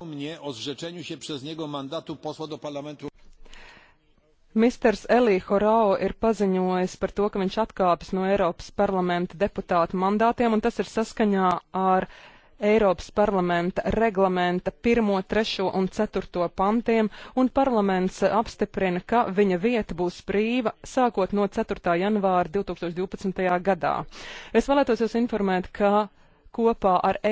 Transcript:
mnie o zrzeczeniu się przez niego mandatu posła do parlamentu. Misters Elī Horao ir paziņojis par to, ka viņš atkāpjas no Eiropas parlamenta deputāta mandātiem, un tas ir saskaņā ar Eiropas parlamenta reglamenta 1, 3 un 4 pantiem, un parlaments apstiprina, ka viņa vieta būs brīva sākot no 4. janvāra 2012. gadā. Es vēlētos jūs informēt, ka kopā ar